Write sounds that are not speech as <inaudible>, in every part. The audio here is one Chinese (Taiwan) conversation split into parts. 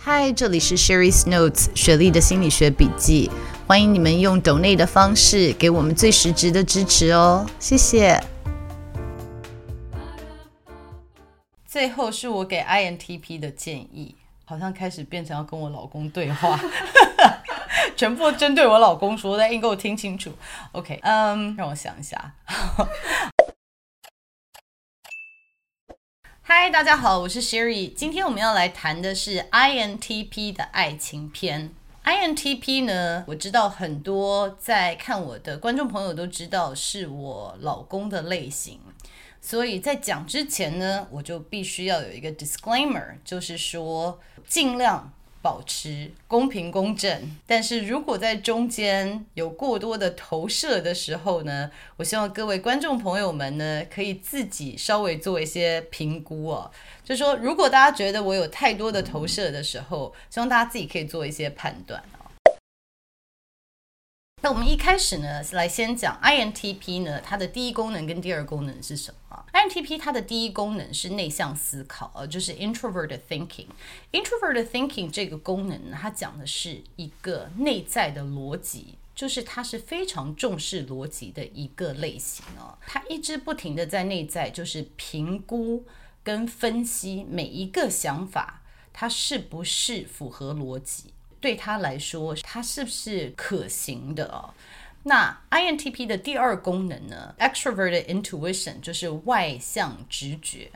嗨，Hi, 這裡是 Sherry's Notes 雪莉的心理學筆記，歡迎你們用 donate 的方式給我們最實質的支持哦，謝謝。最後是我給 INTP 的建議，好像開始變成要跟我老公對話， <laughs> 全部針對我老公說的，你給我聽清楚。OK，嗯、um,，讓我想一下。 <laughs> 嗨，Hi, 大家好，我是 Sherry。今天我們要來談的是 INTP 的愛情篇。INTP 呢，我知道很多在看我的觀眾朋友都知道是我老公的類型，所以在講之前呢，我就必須要有一個 disclaimer，就是說盡量保持公平公正，但是如果在中間有過多的投射的時候呢，我希望各位觀眾朋友們呢，可以自己稍微做一些評估哦。就說如果大家覺得我有太多的投射的時候，嗯、希望大家自己可以做一些判斷。那我們一開始呢，來先講 INTP 呢，它的第一功能跟第二功能是什麼？INTP 它的第一功能是內向思考，呃，就是 introverted thinking。Introverted thinking 這個功能呢，它講的是一個內在的邏輯，就是它是非常重視邏輯的一個類型哦。它一直不停的在內在，就是評估跟分析每一個想法，它是不是符合邏輯。對他來說，他是不是可行的哦？那 INTP 的第二功能呢，Extroverted Intuition 就是外向直覺。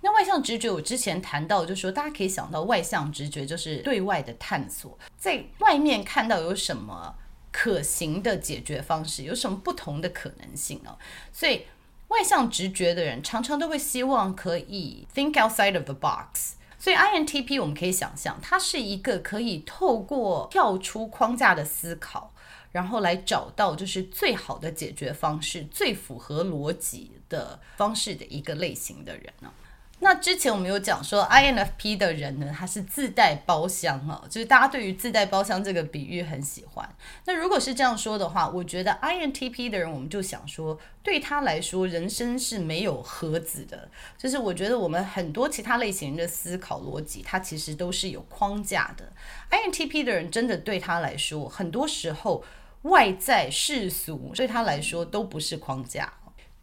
那外向直覺，我之前談到就是，就說大家可以想到，外向直覺就是對外的探索，在外面看到有什麼可行的解決方式，有什麼不同的可能性哦。所以外向直覺的人常常都會希望可以 think outside of the box。所以 INTP 我們可以想象，他是一個可以透過跳出框架的思考，然後來找到就是最好的解決方式，最符合邏輯的方式的一個類型的人呢。那之前我們有講說，INFP 的人呢，他是自帶包廂啊，就是大家對於自帶包廂這個比喻很喜歡。那如果是這樣說的話，我覺得 INTP 的人，我們就想說，對他來說，人生是沒有盒子的。就是我覺得我們很多其他類型人的思考邏輯，他其實都是有框架的。INTP 的人真的對他來說，很多時候外在世俗對他來說都不是框架。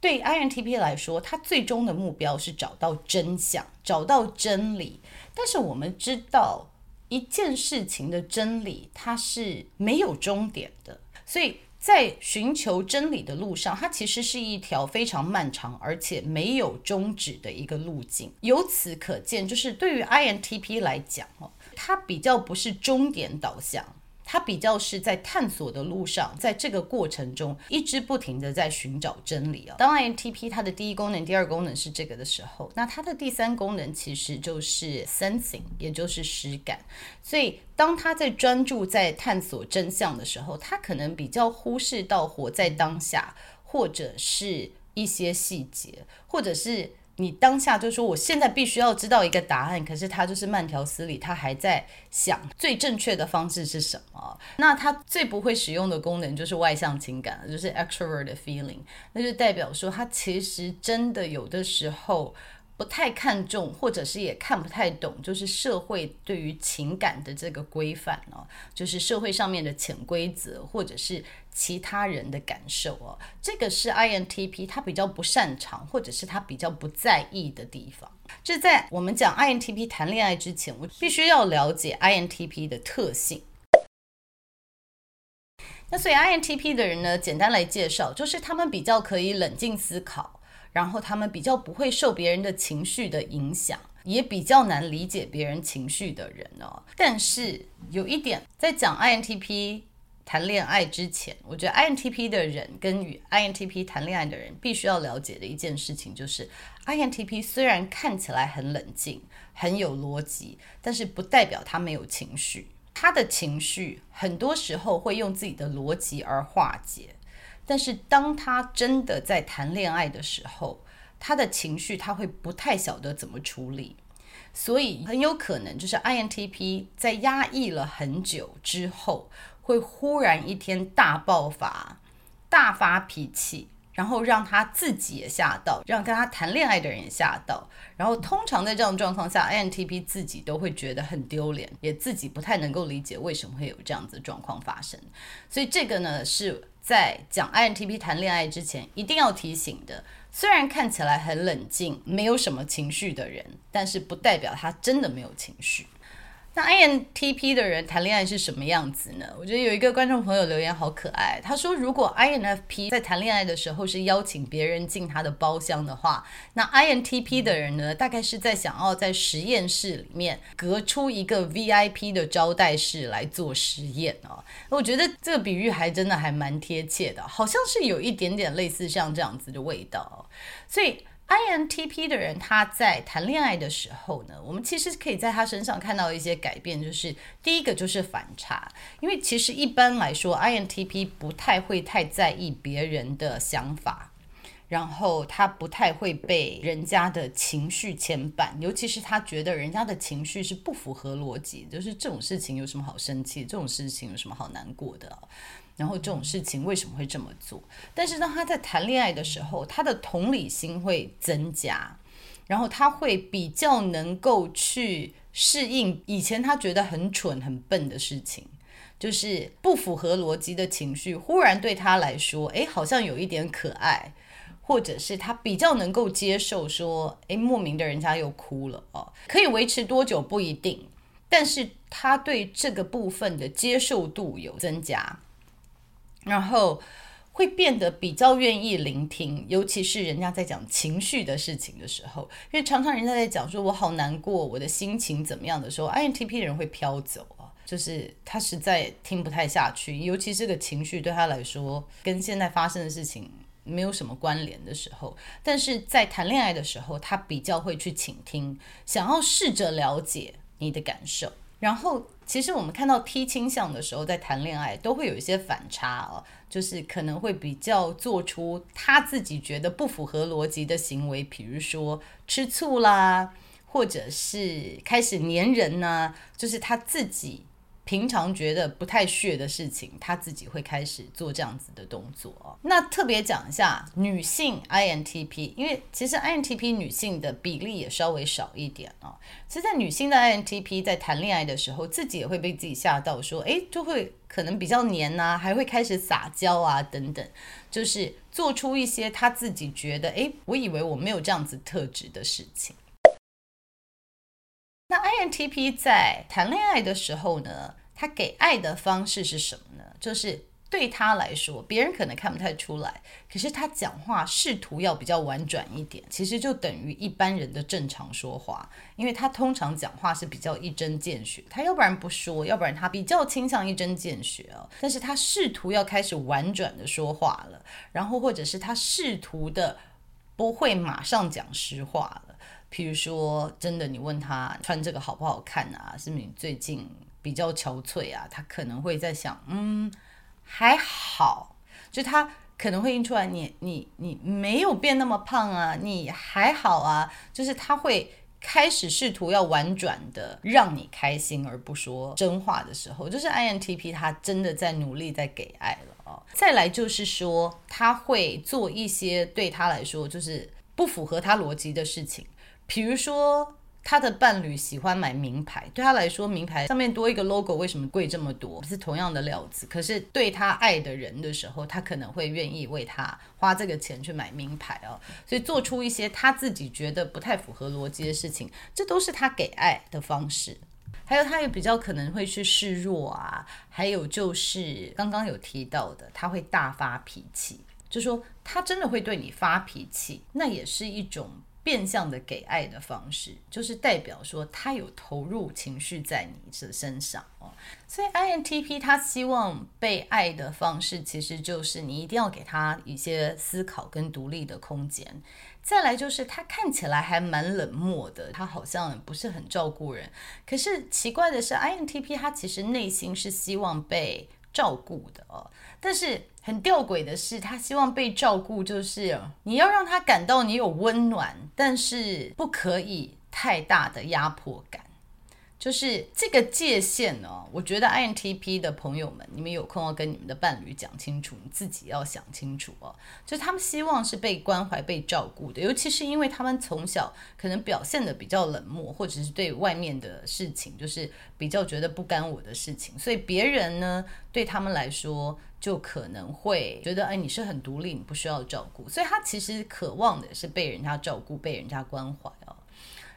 對 INTP 來說，他最終的目標是找到真相，找到真理。但是我們知道，一件事情的真理它是沒有終點的，所以在尋求真理的路上，它其實是一條非常漫長而且沒有終止的一個路徑。由此可見，就是對於 INTP 來講，哦，它比較不是終點導向。它比較是在探索的路上，在這個過程中一直不停地在尋找真理啊、哦。當 INTP 它的第一功能、第二功能是這個的時候，那它的第三功能其實就是 sensing，也就是實感。所以當他在專注在探索真相的時候，他可能比較忽視到活在當下，或者是一些細節，或者是。你當下就說，我現在必須要知道一個答案，可是他就是慢條斯理，他還在想最正確的方式是什麼。那他最不會使用的功能就是外向情感，就是 extroverted feeling，那就代表說他其實真的有的時候。不太看重，或者是也看不太懂，就是社會對於情感的這個規範哦，就是社會上面的潛規則，或者是其他人的感受哦，這個是 INTP 他比較不擅長，或者是他比較不在意的地方。就在我們講 INTP 談戀愛之前，我必須要了解 INTP 的特性。那所以 INTP 的人呢，簡單來介紹，就是他們比較可以冷靜思考。然後他們比較不會受別人的情緒的影響，也比較難理解別人情緒的人哦。但是有一點，在講 INTP 談戀愛之前，我覺得 INTP 的人跟與 INTP 談戀愛的人必須要了解的一件事情就是 <noise> ，INTP 雖然看起來很冷靜、很有邏輯，但是不代表他沒有情緒。他的情緒很多時候會用自己的邏輯而化解。但是當他真的在談戀愛的時候，他的情緒他會不太曉得怎麼處理，所以很有可能就是 INTP 在壓抑了很久之後，會忽然一天大爆發，大發脾氣。然後讓他自己也嚇到，讓跟他談戀愛的人也嚇到。然後通常在這種狀況下，INTP 自己都會覺得很丟臉，也自己不太能夠理解為什麼會有這樣子狀況發生。所以這個呢，是在講 INTP 談戀愛之前一定要提醒的。雖然看起來很冷靜、沒有什麼情緒的人，但是不代表他真的沒有情緒。那 INTP 的人談戀愛是什麼樣子呢？我覺得有一個觀眾朋友留言好可愛，他說如果 INFP 在談戀愛的時候是邀請別人進他的包廂的話，那 INTP 的人呢，大概是在想要在實驗室裡面隔出一個 VIP 的招待室來做實驗哦。我覺得這個比喻還真的還蠻貼切的，好像是有一點點類似像這樣子的味道，所以。INTP 的人他在談戀愛的時候呢，我們其實可以在他身上看到一些改變，就是第一個就是反差。因為其實一般來說 INTP 不太會太在意別人的想法，然後他不太會被人家的情緒牽絆，尤其是他覺得人家的情緒是不符合邏輯，就是這種事情有什麼好生氣，這種事情有什麼好難過的。然後這種事情為什麼會這麼做？但是當他在談戀愛的時候，他的同理心會增加，然後他會比較能夠去適應以前他覺得很蠢很笨的事情，就是不符合邏輯的情緒，忽然對他來說，哎，好像有一點可愛，或者是他比較能夠接受說，哎，莫名的人家又哭了哦。可以維持多久不一定，但是他對這個部分的接受度有增加。然後會變得比較願意聆聽，尤其是人家在講情緒的事情的時候，因為常常人家在講說“我好難過，我的心情怎麼樣的時候 ”，INTP 的人會飄走啊，就是他實在聽不太下去，尤其這個情緒對他來說跟現在發生的事情沒有什麼關聯的時候。但是在談戀愛的時候，他比較會去傾聽，想要試着了解你的感受。然後，其實我們看到 T 傾向的時候，在談戀愛都會有一些反差哦，就是可能會比較做出他自己覺得不符合邏輯的行為，比如說吃醋啦，或者是開始黏人吶、啊，就是他自己。平常覺得不太屑的事情，他自己會開始做這樣子的動作哦。那特別講一下女性 INTP，因為其實 INTP 女性的比例也稍微少一點啊哦。其實，在女性的 INTP 在談戀愛的時候，自己也會被自己嚇到說，說哎，就會可能比較黏吶啊，還會開始撒嬌啊等等，就是做出一些他自己覺得哎，我以為我沒有這樣子特質的事情。那 INTP 在談戀愛的時候呢，他給愛的方式是什麼呢？就是對他來說，別人可能看不太出來，可是他講話試圖要比較婉轉一點，其實就等於一般人的正常說話，因為他通常講話是比較一針見血，他要不然不說，要不然他比較傾向一針見血哦，但是他試圖要開始婉轉的說話了，然後或者是他試圖的不會馬上講實話了。比如說，真的，你問他穿這個好不好看啊？是不是你最近比較憔悴啊？他可能會在想，嗯，還好，就他可能會印出來，你你你沒有變那麼胖啊，你還好啊，就是他會開始試圖要婉轉的讓你開心，而不說真話的時候，就是 INTP 他真的在努力在給愛了哦。再來就是說，他會做一些對他來說就是不符合他邏輯的事情。比如說，他的伴侶喜歡買名牌，對他來說，名牌上面多一個 logo，為什麼貴這麼多？是同樣的料子，可是對他愛的人的時候，他可能會願意為他花這個錢去買名牌哦。所以做出一些他自己覺得不太符合邏輯的事情，這都是他給愛的方式。還有，他也比較可能會去示弱啊。還有就是剛剛有提到的，他會大發脾氣，就說他真的會對你發脾氣，那也是一種。變相的給愛的方式，就是代表說他有投入情緒在你的身上哦。所以 INTP 他希望被愛的方式，其實就是你一定要給他一些思考跟獨立的空間。再來就是他看起來還蠻冷漠的，他好像不是很照顧人。可是奇怪的是，INTP 他其實內心是希望被照顧的哦。但是很吊詭的是，他希望被照顧，就是你要讓他感到你有溫暖，但是不可以太大的壓迫感，就是這個界限呢、哦。我覺得 INTP 的朋友們，你們有空要跟你們的伴侶講清楚，你自己要想清楚哦。就他們希望是被關懷、被照顧的，尤其是因為他們從小可能表現得比較冷漠，或者是對外面的事情就是比較覺得不干我的事情，所以別人呢對他們來說。就可能會覺得，哎，你是很獨立，你不需要照顧，所以他其實渴望的是被人家照顧、被人家關懷哦。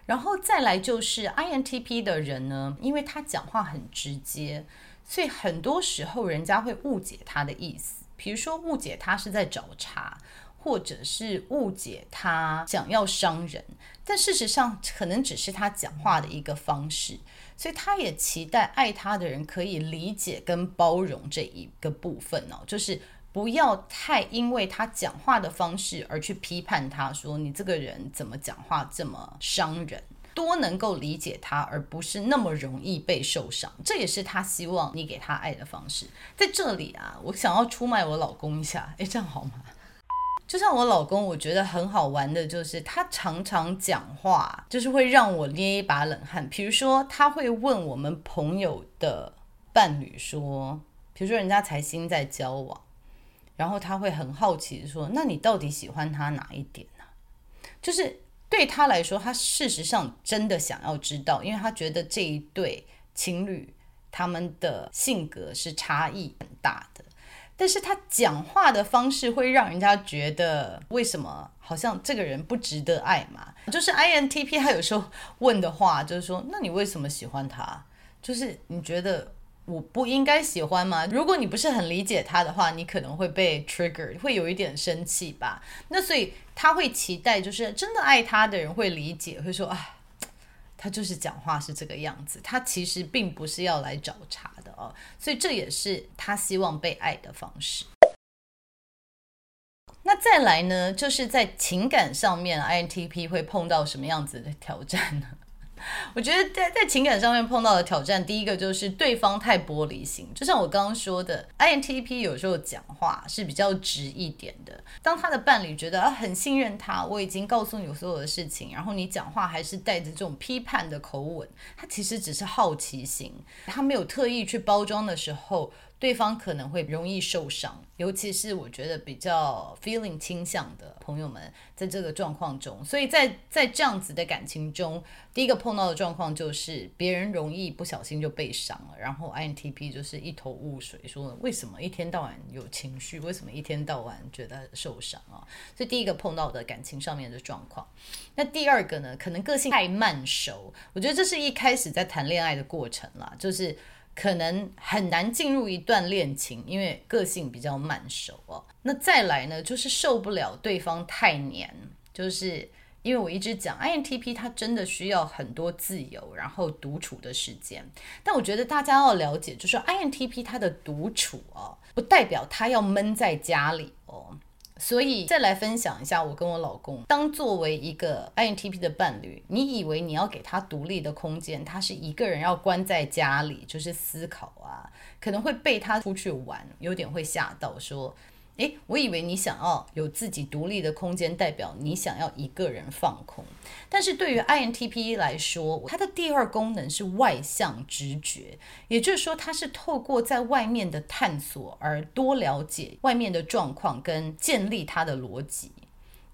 然後再來就是 INTP 的人呢，因為他講話很直接，所以很多時候人家會誤解他的意思，比如說誤解他是在找茬，或者是誤解他想要傷人，但事實上可能只是他講話的一個方式。所以他也期待愛他的人可以理解跟包容這一個部分哦，就是不要太因為他講話的方式而去批判他，說你這個人怎麼講話這麼傷人，多能夠理解他，而不是那麼容易被受傷。這也是他希望你給他愛的方式。在這裡啊，我想要出賣我老公一下，哎，這樣好嗎？就像我老公，我覺得很好玩的就是，他常常講話，就是會讓我捏一把冷汗。比如說，他會問我們朋友的伴侶說，比如說人家才心在交往，然後他會很好奇說，那你到底喜歡他哪一點呢？啊？就是對他來說，他事實上真的想要知道，因為他覺得這一對情侶他們的性格是差異很大的。但是他講話的方式會讓人家覺得，為什麼好像這個人不值得愛嘛？就是 INTP，他有時候問的話就是說，那你為什麼喜歡他？就是你覺得我不應該喜歡嗎？如果你不是很理解他的話，你可能會被 trigger，會有一點生氣吧。那所以他會期待，就是真的愛他的人會理解，會說啊，他就是講話是這個樣子，他其實並不是要來找茬的。哦，所以這也是他希望被愛的方式。那再來呢，就是在情感上面，INTP 會碰到什麼樣子的挑戰呢？我覺得在在情感上面碰到的挑戰，第一個就是對方太玻璃心。就像我剛剛說的，INTP 有時候講話是比較直一點的。當他的伴侶覺得，啊，很信任他，我已經告訴你有所有的事情，然後你講話還是帶着這種批判的口吻，他其實只是好奇心，他沒有特意去包裝的時候。對方可能會容易受傷，尤其是我覺得比較 feeling 傾向的朋友們，在這個狀況中，所以在在這樣子的感情中，第一個碰到的狀況就是別人容易不小心就被傷了，然後 INTP 就是一頭霧水，說為什麼一天到晚有情緒，為什麼一天到晚覺得受傷啊？所以第一個碰到的感情上面的狀況。那第二個呢，可能個性太慢熟，我覺得這是一開始在談戀愛的過程啦，就是。可能很難進入一段戀情，因為個性比較慢熟哦。那再來呢，就是受不了對方太黏，就是因為我一直講 INTP，他真的需要很多自由，然後獨處的時間。但我覺得大家要了解，就是 INTP 他的獨處哦，不代表他要悶在家裡哦。所以，再來分享一下我跟我老公。當作為一個 INTP 的伴侶，你以為你要給他獨立的空間，他是一個人要關在家裡，就是思考啊，可能會被他出去玩，有點會嚇到說。誒，我以為你想要有自己獨立的空間，代表你想要一個人放空。但是對於 INTP 來說，他的第二功能是外向直覺，也就是說，他是透過在外面的探索而多了解外面的狀況，跟建立他的邏輯。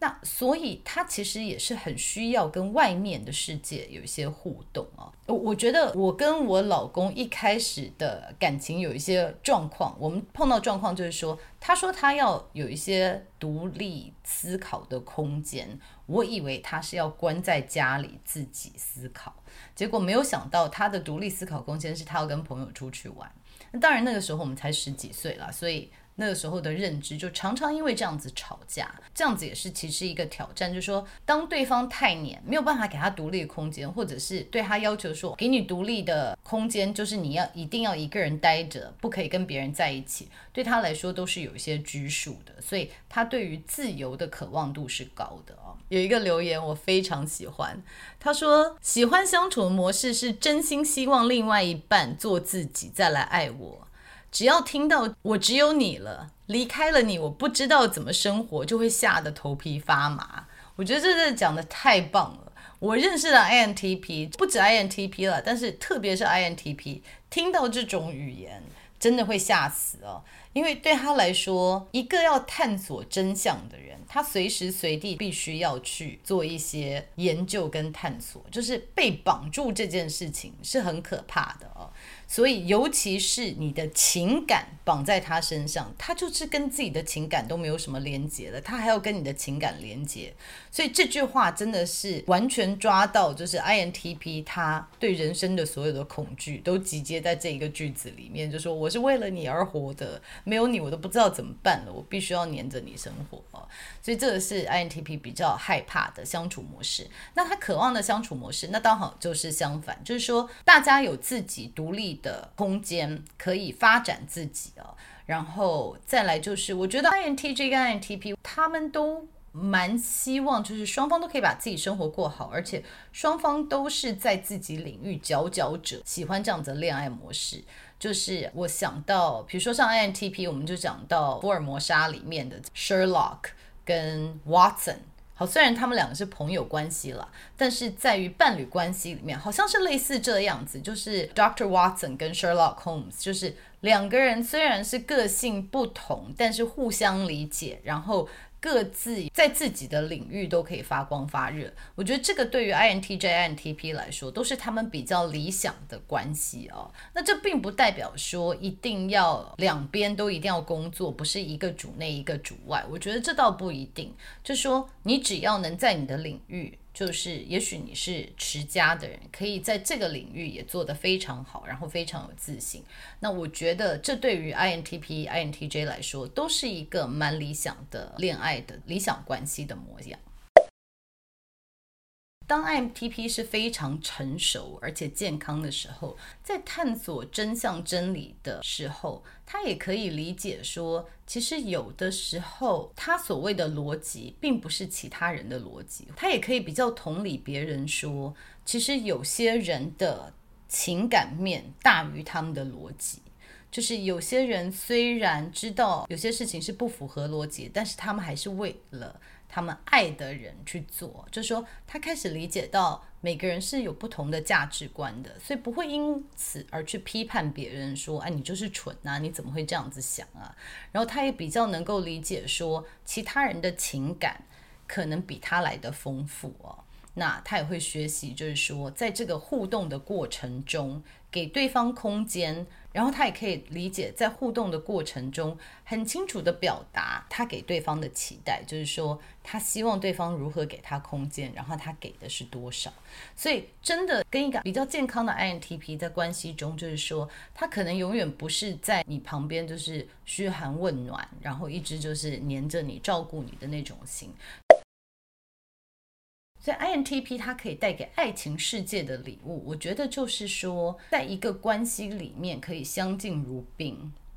那所以他其實也是很需要跟外面的世界有一些互動啊。我我覺得我跟我老公一開始的感情有一些狀況，我們碰到狀況就是說，他說他要有一些獨立思考的空間，我以為他是要關在家裡自己思考，結果沒有想到他的獨立思考空間是他要跟朋友出去玩。那當然那個時候我們才十幾歲了，所以。那個時候的認知就常常因為這樣子吵架，這樣子也是其實一個挑戰。就是說當對方太黏，沒有辦法給他獨立的空間，或者是對他要求說給你獨立的空間，就是你要一定要一個人待着，不可以跟別人在一起，對他來說都是有一些拘束的，所以他對於自由的渴望度是高的哦。有一個留言我非常喜歡，他說喜歡相處的模式是真心希望另外一半做自己再來愛我。只要聽到我只有你了，離開了你，我不知道怎麼生活，就會嚇得頭皮發麻。我覺得這講的太棒了。我認識了 INTP，不止 INTP 了，但是特別是 INTP，聽到這種語言真的會嚇死哦。因為對他來說，一個要探索真相的人，他隨時隨地必須要去做一些研究跟探索，就是被綁住這件事情是很可怕的哦。所以，尤其是你的情感綁在他身上，他就是跟自己的情感都沒有什麼連接了，他還要跟你的情感連接。所以這句話真的是完全抓到，就是 INTP 他對人生的所有的恐懼都集結在這一個句子裡面，就說我是為了你而活的，沒有你我都不知道怎麼辦了，我必須要黏着你生活啊。所以這個是 INTP 比較害怕的相處模式。那他渴望的相處模式，那剛好，就是相反，就是說大家有自己獨立的空間可以發展自己哦，然後再來就是，我覺得 I N T J 跟 I N T P 他們都蠻希望，就是雙方都可以把自己生活過好，而且雙方都是在自己領域佼佼者，喜歡這樣子的戀愛模式。就是我想到，比如說像 I N T P，我們就講到《福爾摩斯》裡面的 Sherlock 跟 Watson。好，雖然他們兩個是朋友關係了，但是在於伴侶關係裡面，好像是類似這樣子，就是 Doctor Watson 跟 Sherlock Holmes，就是兩個人雖然是個性不同，但是互相理解，然後。各自在自己的領域都可以發光發熱，我覺得這個對於 I N T J I N T P 來說都是他們比較理想的關係哦。那這並不代表說一定要兩邊都一定要工作，不是一個主內一個主外。我覺得這倒不一定，就是說你只要能在你的領域。就是，也許你是持家的人，可以在這個領域也做得非常好，然後非常有自信。那我覺得這對於 INTP、INTJ 來說，都是一個蠻理想的戀愛的理想關係的模樣。當 INTP 是非常成熟而且健康的時候，在探索真相真理的時候，他也可以理解說，其實有的時候他所謂的邏輯，並不是其他人的邏輯。他也可以比較同理別人說，其實有些人的情感面大於他們的邏輯，就是有些人雖然知道有些事情是不符合邏輯，但是他們還是為了，他們愛的人去做，就是說他開始理解到每個人是有不同的價值觀的，所以不會因此而去批判別人說，啊、哎，你就是蠢吶、啊，你怎麼會這樣子想啊？然後他也比較能夠理解說，其他人的情感可能比他來得豐富哦。那他也會學習，就是說在這個互動的過程中。給對方空間，然後他也可以理解，在互動的過程中，很清楚的表達他給對方的期待，就是說他希望對方如何給他空間，然後他給的是多少。所以，真的跟一個比較健康的 INTP 在關係中，就是說他可能永遠不是在你旁邊，就是噓寒問暖，然後一直就是黏着你、照顧你的那種型。所以 INTP 它可以帶給愛情世界的禮物，我覺得就是說，在一個關係裡面可以相敬如賓，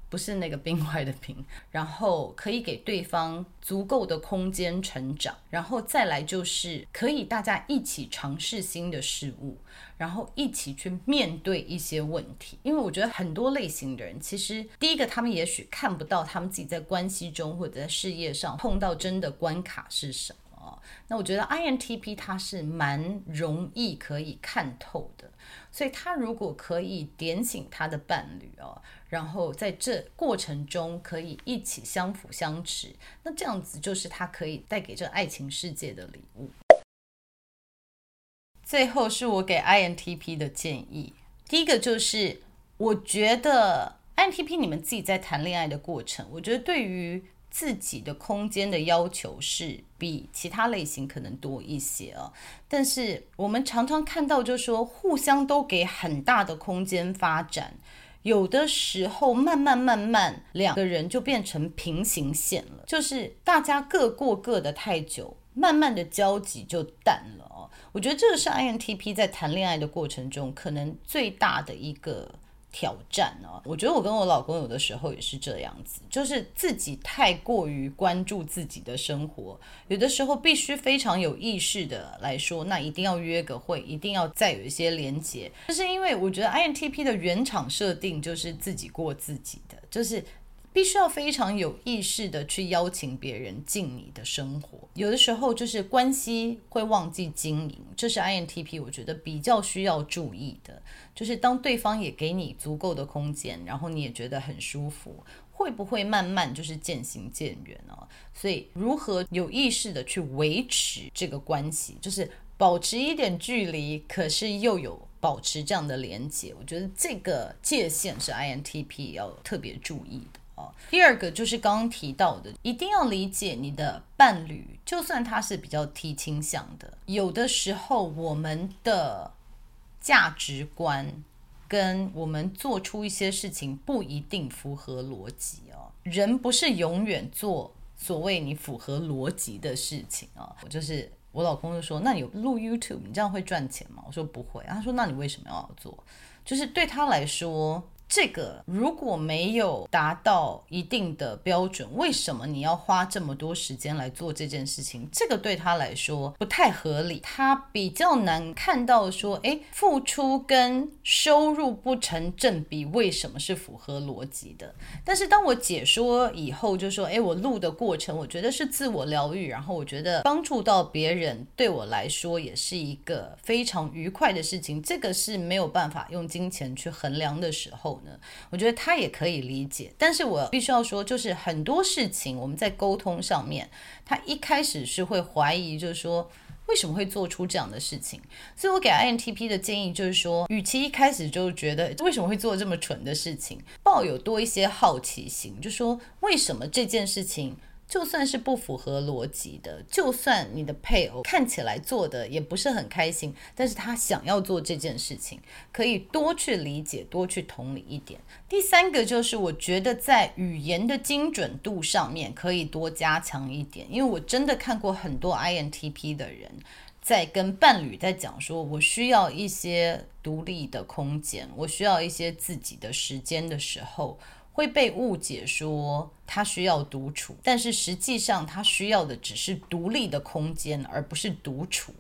不是那個冰塊的冰，然後可以給對方足夠的空間成長，然後再來就是可以大家一起嘗試新的事物，然後一起去面對一些問題。因為我覺得很多類型的人，其實第一個他們也許看不到他們自己在關係中或者在事業上碰到真的關卡是什麼。那我覺得 INTP 他是蠻容易可以看透的，所以他如果可以點醒他的伴侶哦，然後在這過程中可以一起相輔相持，那這樣子就是他可以帶給這愛情世界的禮物。最後是我給 INTP 的建議，第一個就是我覺得 INTP 你們自己在談戀愛的過程，我覺得對於自己的空間的要求是比其他類型可能多一些啊、哦，但是我們常常看到，就是說互相都給很大的空間發展，有的時候慢慢慢慢兩個人就變成平行線了，就是大家各過各的太久，慢慢的交集就淡了哦。我覺得這是 INTP 在談戀愛的過程中可能最大的一個。挑戰哦、啊，我覺得我跟我老公有的時候也是這樣子，就是自己太過於關注自己的生活，有的時候必須非常有意識的來說，那一定要約個會，一定要再有一些連接，就是因為我覺得 INTP 的原廠設定就是自己過自己的，就是。必須要非常有意識的去邀請別人進你的生活，有的時候就是關係會忘記經營，這是 INTP 我覺得比較需要注意的，就是當對方也給你足夠的空間，然後你也覺得很舒服，會不會慢慢就是漸行漸遠呢、啊？所以如何有意識的去維持這個關係，就是保持一點距離，可是又有保持這樣的連接，我覺得這個界限是 INTP 要特別注意的。第二個就是剛剛提到的，一定要理解你的伴侶，就算他是比較 T 傾向的，有的時候我們的價值觀跟我們做出一些事情不一定符合邏輯哦。人不是永遠做所謂你符合邏輯的事情啊。我就是我老公就說：“那你錄 YouTube，你這樣會賺錢嗎？”我說：“不會。”他說：“那你為什麼要做？”就是對他來說。這個如果沒有達到一定的標準，為什麼你要花這麼多時間來做這件事情？這個對他來說不太合理，他比較難看到說，哎，付出跟收入不成正比，為什麼是符合邏輯的？但是當我解說以後，就說，哎，我錄的過程，我覺得是自我療癒，然後我覺得幫助到別人，對我來說也是一個非常愉快的事情。這個是沒有辦法用金錢去衡量的時候。我覺得他也可以理解，但是我必須要說，就是很多事情我們在溝通上面，他一開始是會懷疑，就是說為什麼會做出這樣的事情。所以我給 INTP 的建議就是說，與其一開始就覺得為什麼會做這麼蠢的事情，抱有多一些好奇心，就說為什麼這件事情。就算是不符合邏輯的，就算你的配偶看起來做的也不是很開心，但是他想要做這件事情，可以多去理解，多去同理一點。第三個就是，我覺得在語言的精準度上面可以多加強一點，因為我真的看過很多 INTP 的人在跟伴侶在講說，我需要一些獨立的空間，我需要一些自己的時間的時候。會被誤解說他需要獨處，但是實際上他需要的只是獨立的空間，而不是獨處。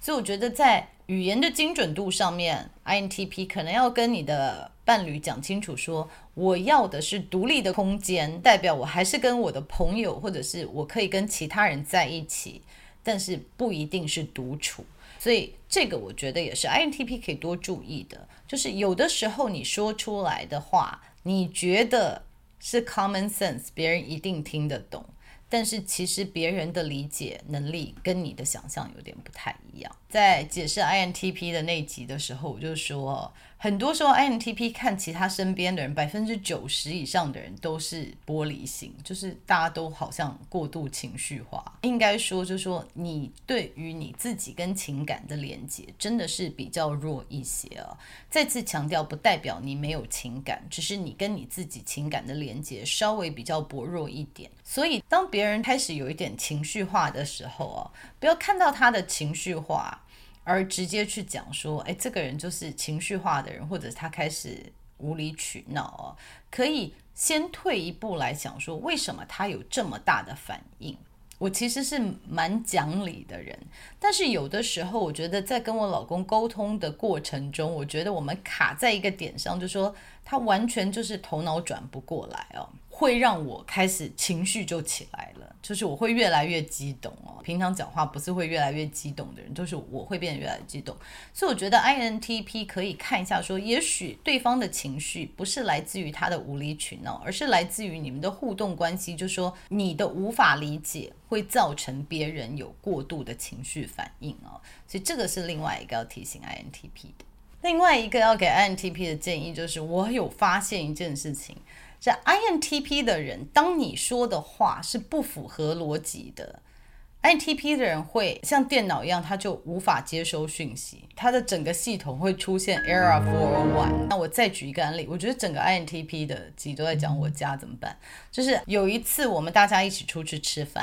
所以我覺得在語言的精準度上面，INTP 可能要跟你的伴侶講清楚說，說我要的是獨立的空間，代表我還是跟我的朋友，或者是我可以跟其他人在一起，但是不一定是獨處。所以這個我覺得也是 INTP 可以多注意的，就是有的時候你說出來的話。你覺得是 common sense，別人一定聽得懂，但是其實別人的理解能力跟你的想象有點不太一樣。在解釋 INTP 的那集的時候，我就說。很多時候，INTP 看其他身邊的人，百分之九十以上的人都是玻璃心。就是大家都好像過度情緒化。應該說，就是說你對於你自己跟情感的連接真的是比較弱一些哦。再次強調，不代表你沒有情感，只是你跟你自己情感的連接稍微比較薄弱一點。所以，當別人開始有一點情緒化的時候哦，不要看到他的情緒化。而直接去講說，哎，這個人就是情緒化的人，或者他開始無理取鬧哦，可以先退一步來講說，為什麼他有這麼大的反應？我其實是蠻講理的人，但是有的時候，我覺得在跟我老公溝通的過程中，我覺得我們卡在一個點上，就說他完全就是頭腦轉不過來哦。會讓我開始情緒就起來了，就是我會越來越激動哦。平常講話不是會越來越激動的人，就是我會變得越來越激動。所以我覺得 INTP 可以看一下說，說也許對方的情緒不是來自於他的無理取鬧，而是來自於你們的互動關係，就是說你的無法理解會造成別人有過度的情緒反應哦。所以這個是另外一個要提醒 INTP 的。另外一個要給 INTP 的建議就是，我有發現一件事情，這 INTP 的人，當你說的話是不符合邏輯的 <noise> ，INTP 的人會像電腦一樣，他就無法接收訊息，他的整個系統會出現 error 401。 <noise> 那我再舉一個案例，我覺得整個 INTP 的集都在講我家怎麼辦，就是有一次我們大家一起出去吃飯，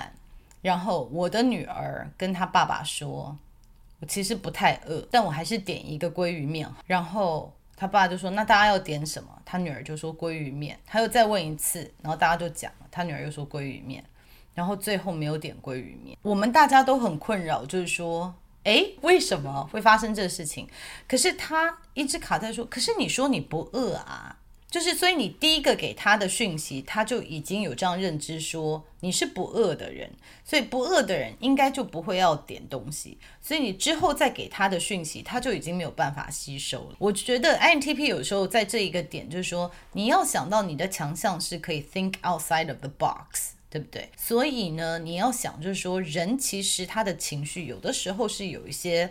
然後我的女兒跟她爸爸說。我其實不太餓，但我還是點一個鮭魚麵。然後他爸就說：“那大家要點什麼？”他女兒就說：“鮭魚麵。”他又再問一次，然後大家就講了，他女兒又說：“鮭魚麵。”然後最後沒有點鮭魚麵。我們大家都很困擾，就是說，誒，為什麼會發生這個事情？可是他一直卡在說：“可是你說你不餓啊。”就是，所以你第一個給他的訊息，他就已經有這樣認知，說你是不餓的人，所以不餓的人應該就不會要點東西，所以你之後再給他的訊息，他就已經沒有辦法吸收了。我覺得 INTP 有時候在這一個點，就是說你要想到你的強項是可以 think outside of the box，對不對？所以呢，你要想就是說，人其實他的情緒有的時候是有一些。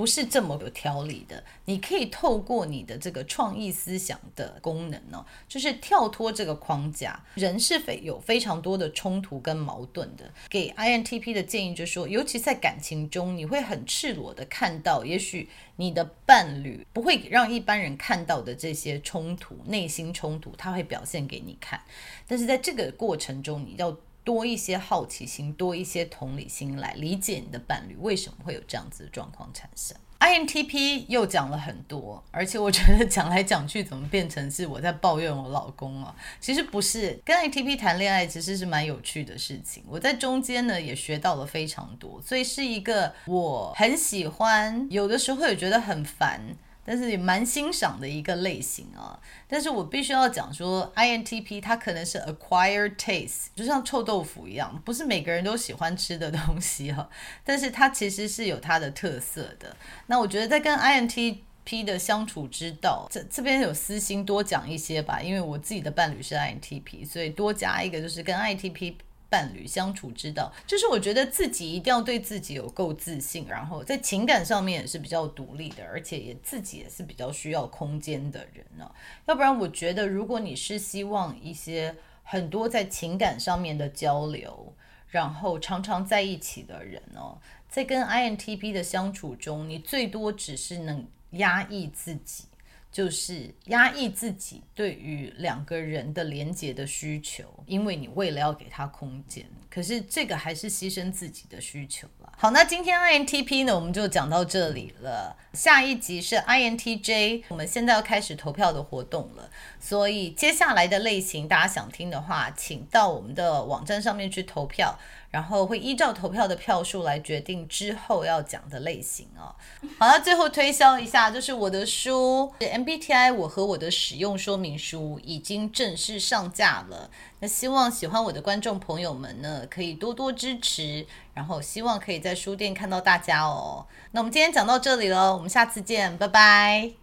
不是這麼有條理的，你可以透過你的這個創意思想的功能呢、哦，就是跳脫這個框架。人是非有非常多的衝突跟矛盾的。給 INTP 的建議就是說，尤其在感情中，你會很赤裸的看到，也許你的伴侶不會讓一般人看到的這些衝突、內心衝突，他會表現給你看。但是在這個過程中，你要多一些好奇心，多一些同理心，來理解你的伴侶為什麼會有這樣子的狀況產生。INTP 又講了很多，而且我覺得講來講去，怎麼變成是我在抱怨我老公了啊？其實不是，跟 INTP 談戀愛其實是蠻有趣的事情，我在中間呢也學到了非常多，所以是一個我很喜歡，有的時候也覺得很煩。但是也蠻欣賞的一個類型啊，但是我必須要講說，INTP 它可能是 acquired taste，就像臭豆腐一樣，不是每個人都喜歡吃的東西哈、啊。但是它其實是有它的特色的。那我覺得在跟 INTP 的相處之道，這這邊有私心多講一些吧，因為我自己的伴侶是 INTP，所以多加一個就是跟 INTP。伴侶相處之道，就是我覺得自己一定要對自己有夠自信，然後在情感上面也是比較獨立的，而且也自己也是比較需要空間的人呢。要不然，我覺得如果你是希望一些很多在情感上面的交流，然後常常在一起的人呢，在跟 INTP 的相處中，你最多只是能壓抑自己。就是壓抑自己對於兩個人的連接的需求，因為你為了要給他空間，可是這個還是犧牲自己的需求了。好，那今天 INTP 呢，我們就講到這裡了。下一集是 INTJ，我們現在要開始投票的活動了，所以接下來的類型大家想聽的話，請到我們的網站上面去投票。然後會依照投票的票數來決定之後要講的類型哦。好了，那最後推銷一下，就是我的書《MBTI》，我和我的使用說明書已經正式上架了。那希望喜歡我的觀眾朋友們呢，可以多多支持。然後希望可以在書店看到大家哦。那我們今天講到這裡了，我們下次見，拜拜。